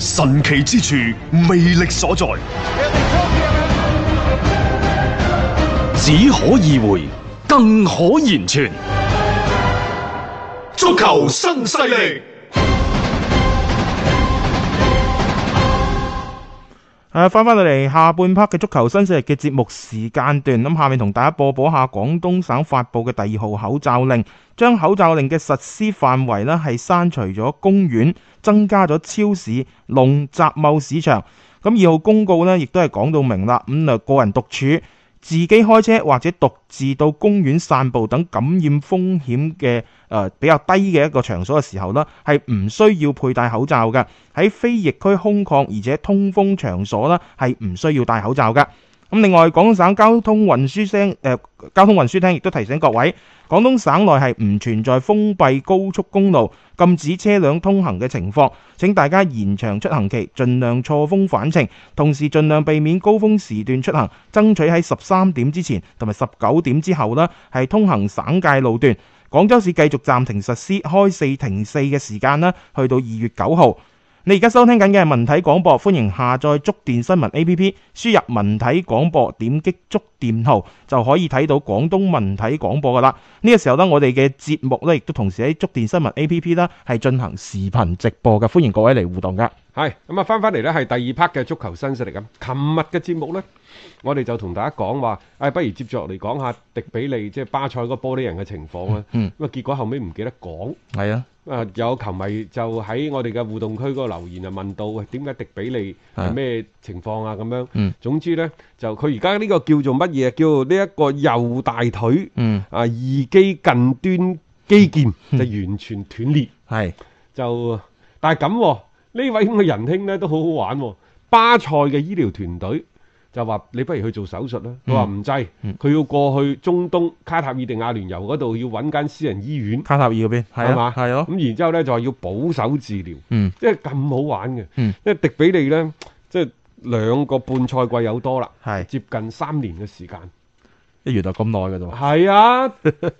神奇之處，魅力所在，只可意會，更可言傳。足球新勢力。誒，翻翻到嚟下半 part 嘅足球新勢力嘅節目時間段，咁下面同大家播報下廣東省發布嘅第二號口罩令，將口罩令嘅實施範圍咧係刪除咗公園，增加咗超市、農集貿市場。咁二號公告咧，亦都係講到明啦。咁啊，個人獨處、自己開車或者獨自到公園散步等感染風險嘅。誒，比較低嘅一個場所嘅時候咧，係唔需要佩戴口罩噶，喺非疫區空曠而且通風場所咧，係唔需要戴口罩噶。咁另外，廣東省交通運輸廳、呃、交通運輸廳亦都提醒各位，廣東省內係唔存在封閉高速公路禁止車輛通行嘅情況。請大家延長出行期，盡量錯峰返程，同時盡量避免高峰時段出行，爭取喺十三點之前同埋十九點之後呢，係通行省界路段。廣州市繼續暫停實施開四停四嘅時間呢，去到二月九號。你而家收聽緊嘅係文體廣播，歡迎下載觸電新聞 A P P，輸入文體廣播，點擊觸電號就可以睇到廣東文體廣播噶啦。呢、這個時候呢，我哋嘅節目呢亦都同時喺觸電新聞 A P P 啦，係進行視頻直播嘅，歡迎各位嚟互動噶。係咁啊，翻翻嚟呢係第二 part 嘅足球新勢力咁。琴日嘅節目呢，我哋就同大家講話，誒，不如接着嚟講下迪比利即係、就是、巴塞個玻璃人嘅情況啊。嗯、咁、嗯、啊，結果後尾唔記得講。係啊。啊！有球迷就喺我哋嘅互動區嗰個留言啊，問到點解迪比利係咩情況啊？咁、嗯、樣，總之咧就佢而家呢個叫做乜嘢？叫呢一個右大腿、嗯、啊二肌近端肌腱、嗯、就完全斷裂，係、嗯、就，是就但係咁、啊、呢位咁嘅仁兄咧都好好玩喎、啊，巴塞嘅醫療團隊。又話你不如去做手術啦！佢話唔制，佢、嗯、要過去中東卡塔爾定阿聯酋嗰度，要揾間私人醫院。卡塔爾嗰邊係啊嘛，係啊。咁、啊、然之後呢，就係要保守治療。嗯，即係咁好玩嘅。嗯，因為迪比利呢，即係兩個半賽季有多啦，係接近三年嘅時間。原來咁耐嘅喎。係啊，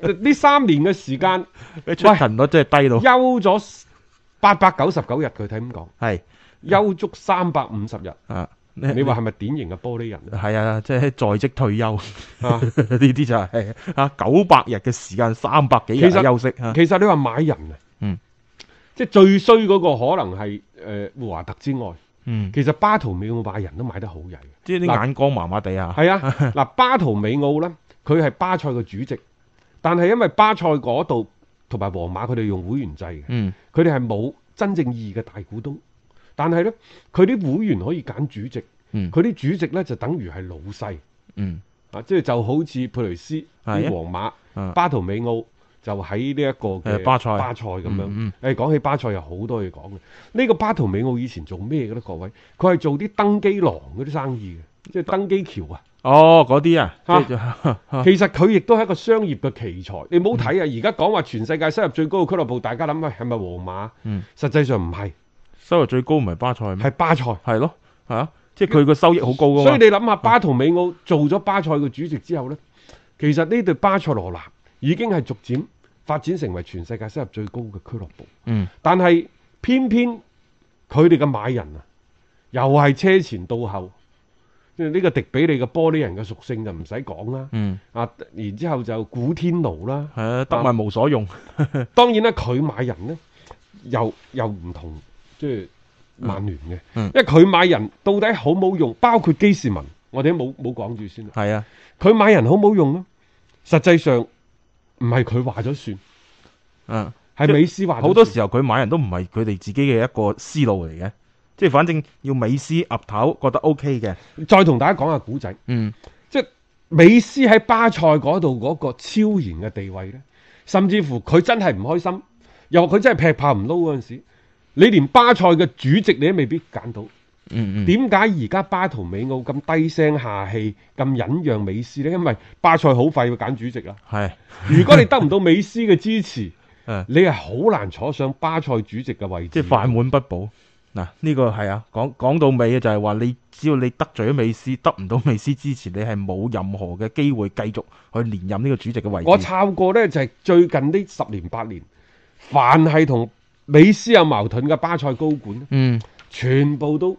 呢 三年嘅時間， 出勤率真係低到休咗八百九十九日，佢睇咁講係休足三百五十日啊。你話係咪典型嘅玻璃人？係啊，即係在職退休啊！呢啲就係啊九百日嘅時間，三百幾日休息，其實，其實你話買人啊，嗯，即係最衰嗰個可能係誒沃華特之外，嗯，其實巴圖美奧買人都買得好曳，即係啲眼光麻麻地啊！係啊，嗱，巴圖美奧咧，佢係巴塞嘅主席，但係因為巴塞嗰度同埋皇馬佢哋用會員制嘅，嗯，佢哋係冇真正意義嘅大股東。但係咧，佢啲會員可以揀主席，佢、嗯、啲主席咧就等於係老細、嗯，啊，即係就好似佩雷斯、皇馬、啊、巴圖美奧就喺呢一個嘅巴塞巴塞咁樣。誒、嗯，講、嗯、起巴塞有好多嘢講嘅。呢、這個巴圖美奧以前做咩嘅咧？各位，佢係做啲登機廊嗰啲生意嘅，即、就、係、是、登機橋啊。哦，嗰啲啊，啊 其實佢亦都係一個商業嘅奇才。你冇睇啊，而家講話全世界收入最高嘅俱樂部，大家諗下係咪皇馬、嗯？實際上唔係。收入最高唔係巴塞咩？係巴塞係咯，吓即係佢個收益好高噶所，所以你諗下，巴圖美奧做咗巴塞嘅主席之後呢，其實呢隊巴塞羅那已經係逐漸發展成為全世界收入最高嘅俱樂部。嗯，但係偏偏佢哋嘅買人啊，又係車前到後，因、這、呢個迪比利嘅玻璃人嘅屬性就唔使講啦。嗯，啊，然之後就古天奴啦，係啊，得物無所用。 當然啦，佢買人呢，又又唔同。即係曼聯嘅，嗯，因為佢買人到底好冇用，包括基士文，我哋都冇冇講住先係啊，佢買人好冇用咯。實際上唔係佢話咗算，啊，係美斯話好多時候佢買人都唔係佢哋自己嘅一個思路嚟嘅，即係反正要美斯岌頭覺得 OK 嘅。再同大家講下古仔，嗯，即係美斯喺巴塞嗰度嗰個超然嘅地位咧，甚至乎佢真係唔開心，又佢真係劈炮唔撈嗰陣時。你連巴塞嘅主席你都未必揀到，點解而家巴圖美奧咁低聲下氣咁忍讓美斯呢？因為巴塞好快會揀主席啦。係，如果你得唔到美斯嘅支持，你係好難坐上巴塞主席嘅位置。即係飯碗不保。嗱、啊，呢、這個係啊，講講到尾嘅就係話，你只要你得罪咗美斯，得唔到美斯支持，你係冇任何嘅機會繼續去連任呢個主席嘅位置。我抄過呢，就係、是、最近呢十年八年，凡係同美斯有矛盾嘅巴塞高管，嗯，全部都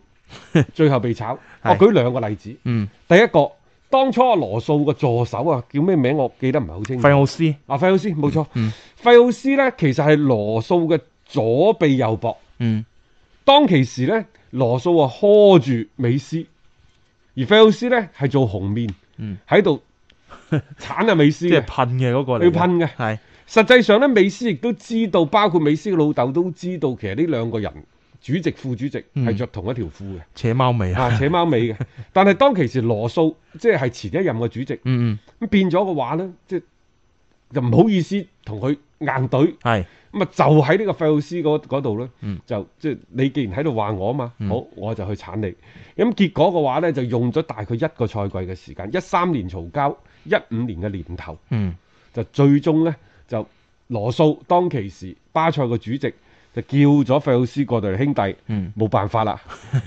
最後被炒。 我舉兩個例子，嗯，第一個當初羅素嘅助手啊，叫咩名？我記得唔係好清楚。費奧斯啊，費奧斯冇錯，嗯，嗯、費奧斯咧其實係羅素嘅左臂右膊，嗯，當其時咧羅素啊呵住美斯，而費奧斯咧係做紅面，嗯，喺度鏟啊美斯，即係噴嘅嗰個嚟，要噴嘅，係。實際上咧，美斯亦都知道，包括美斯嘅老豆都知道，其實呢兩個人主席副主席係着同一條褲嘅，扯貓尾啊，啊，扯貓尾嘅。 但係當其時羅素即係、就是、前一任嘅主席，咁、嗯嗯、變咗嘅話咧，即係就唔、是、好意思同佢硬對，係咁啊就喺呢個費老師嗰度咧，就即係、嗯、你既然喺度話我啊嘛，嗯、好我就去鏟你。咁結果嘅話咧，就用咗大概一個賽季嘅時間，一三年嘈交，一五年嘅年頭，嗯、就最終咧。就羅素當其時，巴塞嘅主席就叫咗費奧斯過嚟，兄弟，冇、嗯、辦法啦！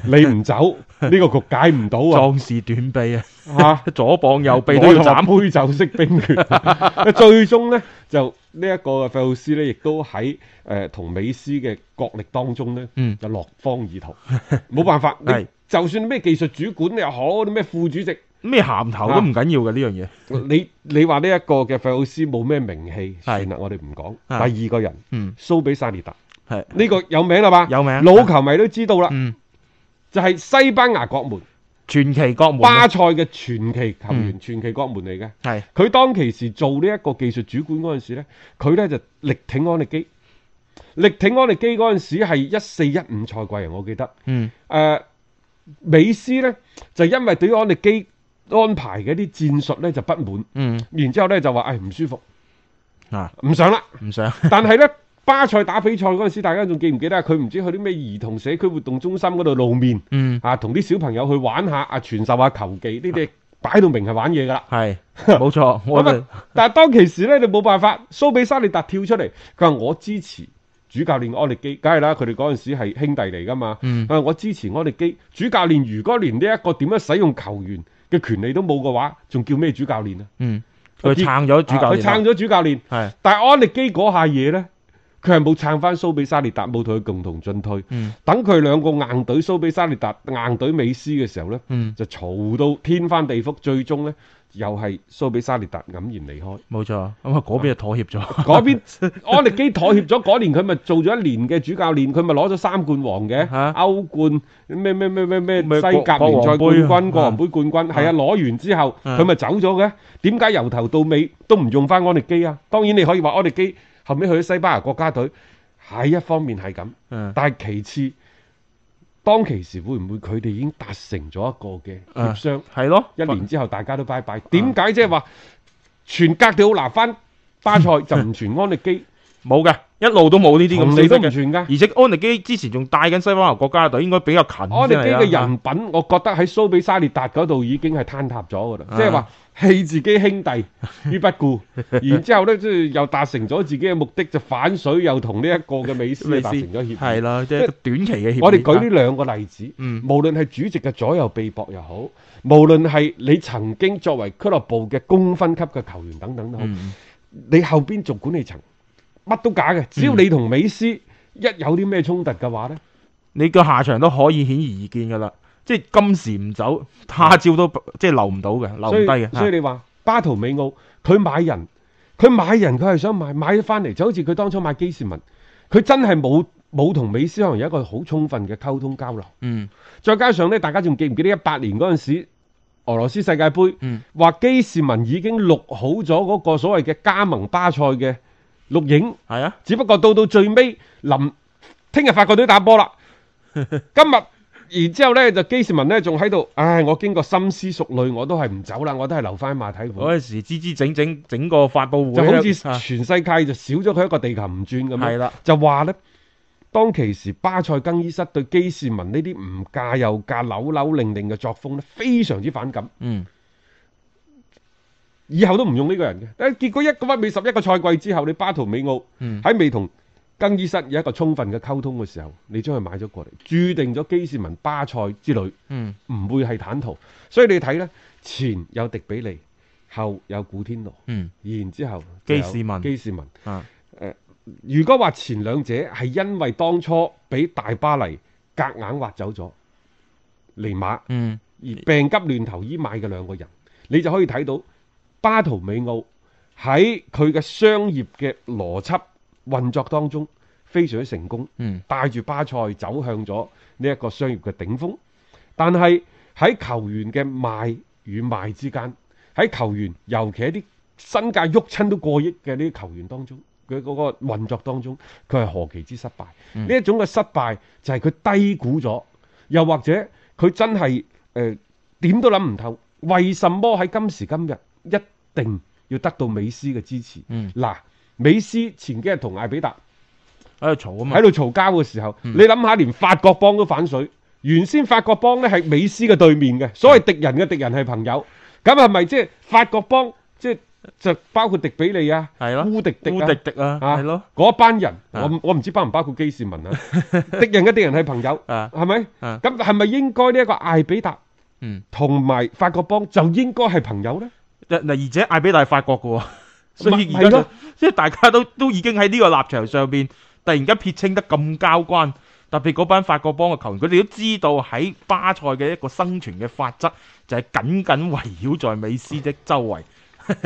你唔走呢 個局解唔到啊！壯士斷臂啊！嚇、啊、左膀右臂都要斬，斬杯酒釋兵權。 最終咧就呢一個費奧斯咧，亦都喺誒同美斯嘅角力當中咧、嗯、就落荒而逃，冇辦法。就算咩技術主管你又好，啲咩副主席咩銜頭都唔緊要嘅呢樣嘢。你你話呢一個嘅費奧斯冇咩名氣，係啦，我哋唔講。第二個人，嗯，蘇比薩列特，係呢、這個有名啦嘛？有名老球迷都知道啦，嗯，就係、是、西班牙國門傳奇、嗯、國門巴塞嘅傳奇球員，傳、嗯、奇國門嚟嘅係佢當其時做呢一個技術主管嗰陣時咧，佢咧就力挺安力基力挺安力基嗰陣時係一四一五賽季，我記得，嗯誒。呃美斯咧就因為對於安力基安排嘅啲戰術咧就不滿，嗯，然之後咧就話唉唔舒服，啊唔想啦唔想。但係咧 巴塞打比賽嗰陣時，大家仲記唔記得啊？佢唔知去啲咩兒童社區活動中心嗰度露面，嗯，啊同啲小朋友去玩下，傳啊傳授下球技、啊、擺 呢啲擺到明係玩嘢噶啦，係冇錯。但係當其時咧，你冇辦法，蘇比沙列達跳出嚟，佢話我支持。主教練安力基，梗係啦，佢哋嗰陣時係兄弟嚟㗎嘛。我支持安力基。主教練如果連呢一個點樣使用球員嘅權利都冇嘅話，仲叫咩主教練啊？佢撐咗主教練，佢撐咗主教練。但係安力基嗰下嘢咧，佢係冇撐返蘇比沙利達，冇同佢共同進退。等佢兩個硬隊蘇比沙利達硬隊美斯嘅時候咧，就嘈到天翻地覆，最終咧，又係蘇比沙列特黯然離開，冇錯。咁啊，嗰邊就妥協咗。嗰邊安力基妥協咗，嗰年佢咪做咗一年嘅主教練，佢咪攞咗三冠王嘅，歐冠咩咩咩咩咩，西甲聯賽冠軍、國王杯冠軍，係啊，攞完之後佢咪走咗嘅。點解由頭到尾都唔用翻安力基啊？當然你可以話安力基後尾去咗西班牙國家隊，係一方面係咁，嗯，但係其次。當其時會唔會佢哋已經達成咗一個嘅協商？係、uh, 咯，一年之後大家都拜拜。點解即係話全格調拿返巴塞就唔全安利基。 冇㗎，一路都冇呢啲咁唔理都唔算噶，而且安利基之前仲帶緊西班牙國家隊，應該比較近。安利基嘅人品，我覺得喺蘇比沙列達嗰度已經係坍塌咗噶啦，即係話棄自己兄弟於不顧，啊、然之後咧即係又達成咗自己嘅目的，就反水又同呢一個嘅美斯達成咗協議。係啦，即係、就是、短期嘅協議。我哋舉呢兩個例子，嗯、無論係主席嘅左右臂膊又好，無論係你曾經作為俱樂部嘅功勳級嘅球員等等都好、嗯，你後邊做管理層。乜都假嘅，只要你同美斯一有啲咩衝突嘅話呢、嗯、你個下場都可以顯而易見噶啦。即係今時唔走，他朝都、啊、即係留唔到嘅，留唔低嘅。所以你話巴圖美奧，佢買人，佢買人，佢係想買買咗翻嚟，就好似佢當初買基士文，佢真係冇冇同美斯可能有一個好充分嘅溝通交流。嗯，再加上呢，大家仲記唔記得一八年嗰陣時俄羅斯世界杯，話基士文已經錄好咗嗰個所謂嘅加盟巴塞嘅。錄影係啊，只不過到到最尾，臨聽日法國隊打波啦， 今日然後之後呢，就基士文呢仲喺度，唉、哎，我經過深思熟慮，我都係唔走啦，我都係留翻喺馬體會。嗰陣時，支支整整整個發布會，就好似全世界就少咗佢一個地球唔轉咁係啦，就話呢，當其時巴塞更衣室對基士文呢啲唔架又架、扭扭擰擰嘅作風呢，非常之反感。嗯。以後都唔用呢個人嘅，但係結果一個屈美十一個賽季之後，你巴圖美奧喺、嗯、未同更衣室有一個充分嘅溝通嘅時候，你將佢買咗過嚟，註定咗基士文巴塞之旅，唔會係坦途、嗯。所以你睇呢，前有迪比利，後有古天樂、嗯，然之後基士文、嗯，基士文，誒、啊，如果話前兩者係因為當初俾大巴黎隔硬挖走咗尼馬、嗯，而病急亂投醫買嘅兩個人，你就可以睇到。巴圖美奧喺佢嘅商業嘅邏輯運作當中非常之成功，嗯，帶住巴塞走向咗呢一個商業嘅頂峰。但係喺球員嘅賣與賣之間，喺球員尤其係一啲身價郁親都過億嘅呢啲球員當中，佢嗰個運作當中，佢係何其之失敗。呢、嗯、一種嘅失敗就係佢低估咗，又或者佢真係誒點都諗唔透，為什麼喺今時今日一定要得到美斯嘅支持。嗱、嗯啊，美斯前幾日同艾比達喺度嘈啊嘛，喺度嘈交嘅時候，嗯、你諗下，連法國幫都反水。原先法國幫咧係美斯嘅對面嘅，所謂敵人嘅敵人係朋友，咁係咪即係法國幫，即係就係、包括迪比利啊、烏迪迪、烏迪迪啊？係咯、啊，嗰、啊、班人，啊、我我唔知包唔包括基士文啊？敵、啊、 人嘅敵人係朋友啊，係咪？咁係咪應該呢一個艾比達嗯同埋法國幫就應該係朋友咧？而且艾比大係法國嘅喎，所以而家即係大家都都已經喺呢個立場上邊，突然間撇清得咁交關。特別嗰班法國幫嘅球員，佢哋都知道喺巴塞嘅一個生存嘅法則就係緊緊圍繞在美斯的周圍，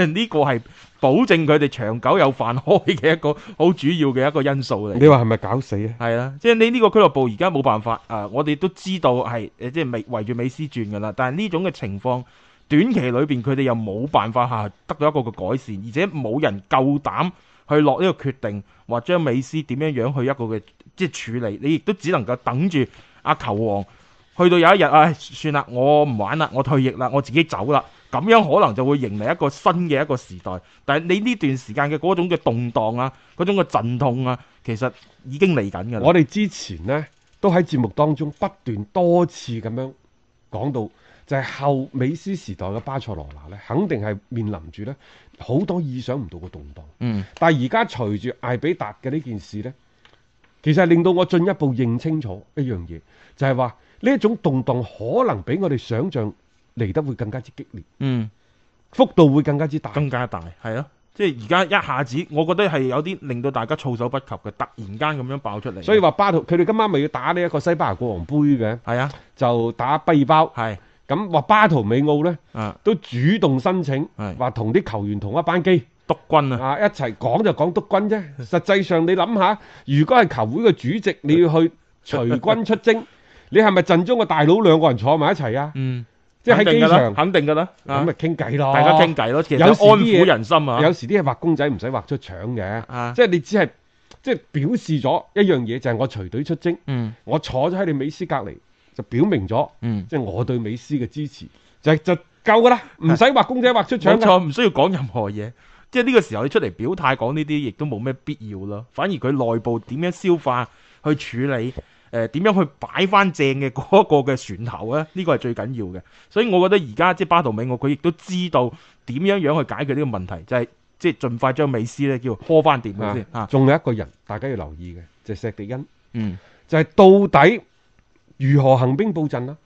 呢個係保證佢哋長久有飯開嘅一個好主要嘅一個因素嚟。你話係咪搞死啊？係啦，即係你呢個俱樂部而家冇辦法啊！我哋都知道係，即係圍住美斯轉嘅啦。但係呢種嘅情況。短期裏邊佢哋又冇辦法嚇得到一個嘅改善，而且冇人夠膽去落呢個決定，話將美斯點樣樣去一個嘅即係處理，你亦都只能夠等住阿球王去到有一日，唉、哎，算啦，我唔玩啦，我退役啦，我自己走啦，咁樣可能就會迎嚟一個新嘅一個時代。但係你呢段時間嘅嗰種嘅動盪啊，嗰種嘅陣痛啊，其實已經嚟緊㗎。我哋之前呢，都喺節目當中不斷多次咁樣講到。就係後美斯時代嘅巴塞羅那咧，肯定係面臨住咧好多意想唔到嘅動盪。嗯。但係而家隨住艾比達嘅呢件事咧，其實令到我進一步認清楚一樣嘢，就係話呢一種動盪可能比我哋想象嚟得會更加之激烈。嗯。幅度會更加之大。更加大，係咯、啊。即係而家一下子，我覺得係有啲令到大家措手不及嘅，突然間咁樣爆出嚟。所以話巴圖佢哋今晚咪要打呢一個西班牙國王杯嘅。係啊，就打畢爾包。係、啊。咁話巴圖美奧咧、啊，都主動申請，話同啲球員同一班機一說說督軍啊！啊，一齊講就講督軍啫。實際上你諗下，如果係球會嘅主席，你要去隨軍出征， 你係咪陣中嘅大佬兩個人坐埋一齊啊？嗯，即係喺機場肯定㗎啦。咁咪傾偈咯，大家傾偈咯。有安撫人心啊。有時啲係畫公仔唔使畫出腸嘅、啊，即係你只係即係表示咗一樣嘢，就係、是、我隨隊出征。嗯，我坐咗喺你美斯隔離。就表明咗，嗯，即、就、係、是、我對美斯嘅支持，就係就夠噶啦，唔使畫公仔畫出腸，冇錯，唔需要講任何嘢。即係呢個時候你出嚟表態講呢啲，亦都冇咩必要咯。反而佢內部點樣消化去處理，誒、呃、點樣去擺翻正嘅嗰個嘅船頭咧？呢、這個係最緊要嘅。所以我覺得而家即係巴圖米歐，我佢亦都知道點樣樣去解決呢個問題，就係、是、即係盡快將美斯咧叫拖翻掂，係先？啊，仲、啊、有一個人、嗯、大家要留意嘅就係、是、石地恩，嗯，就係、是、到底。如何行兵布陣？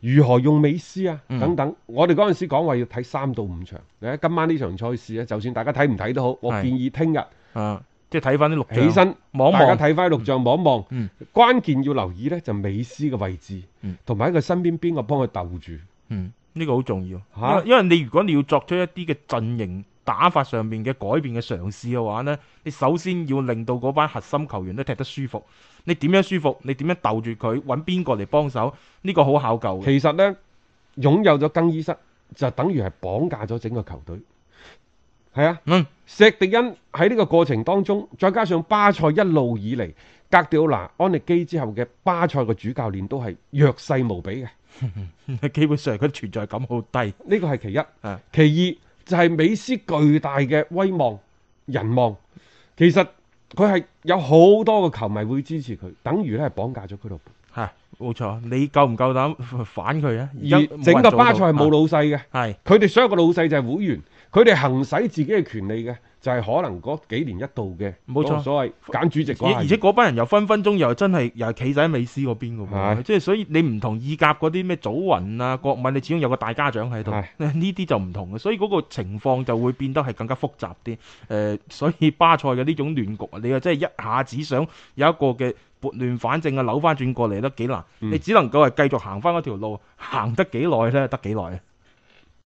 如何用美斯啊？等等，嗯、我哋嗰陣時講話要睇三到五場。你睇今晚呢場賽事咧，就算大家睇唔睇都好，我建議聽日啊，即係睇翻啲錄像，起身望望，睇翻啲錄像望一望，嗯。關鍵要留意咧就是，美斯嘅位置，同埋喺佢身邊邊個幫佢鬥住。嗯、呢、呢個好重要吓，啊，因為你如果你要作出一啲嘅陣型。打法上面嘅改變嘅嘗試嘅話呢，你首先要令到嗰班核心球員都踢得舒服。你點樣舒服？你點樣逗住佢？揾邊個嚟幫手？呢個好考究。其實呢，擁有咗更衣室就等於係綁架咗整個球隊。係啊，嗯，石迪恩喺呢個過程當中，再加上巴塞一路以嚟格迪奧拿安歷基之後嘅巴塞嘅主教練都係弱勢無比嘅， 基本上佢存在感好低。呢個係其一啊，其二。就係、是、美斯巨大嘅威望、人望，其實佢係有好多個球迷會支持佢，等於咧係綁架咗佢度。係，冇錯。你夠唔夠膽反佢啊？而整個巴塞係冇老細嘅，係佢哋所有個老細就係會員。佢哋行使自己嘅權利嘅，就係、是、可能嗰幾年一度嘅，冇錯，那個、所謂揀主席嗰陣，而且嗰班人又分分鐘又真係又係企晒喺美斯嗰邊㗎嘛。即係所以你唔同意甲嗰啲咩祖雲啊國民，你始終有個大家長喺度，呢啲就唔同嘅，所以嗰個情況就會變得係更加複雜啲。誒、呃，所以巴塞嘅呢種亂局，你又真係一下子想有一個嘅撥亂反正啊，扭翻轉過嚟都幾難、嗯，你只能夠係繼續行翻嗰條路，行得幾耐咧，得幾耐啊？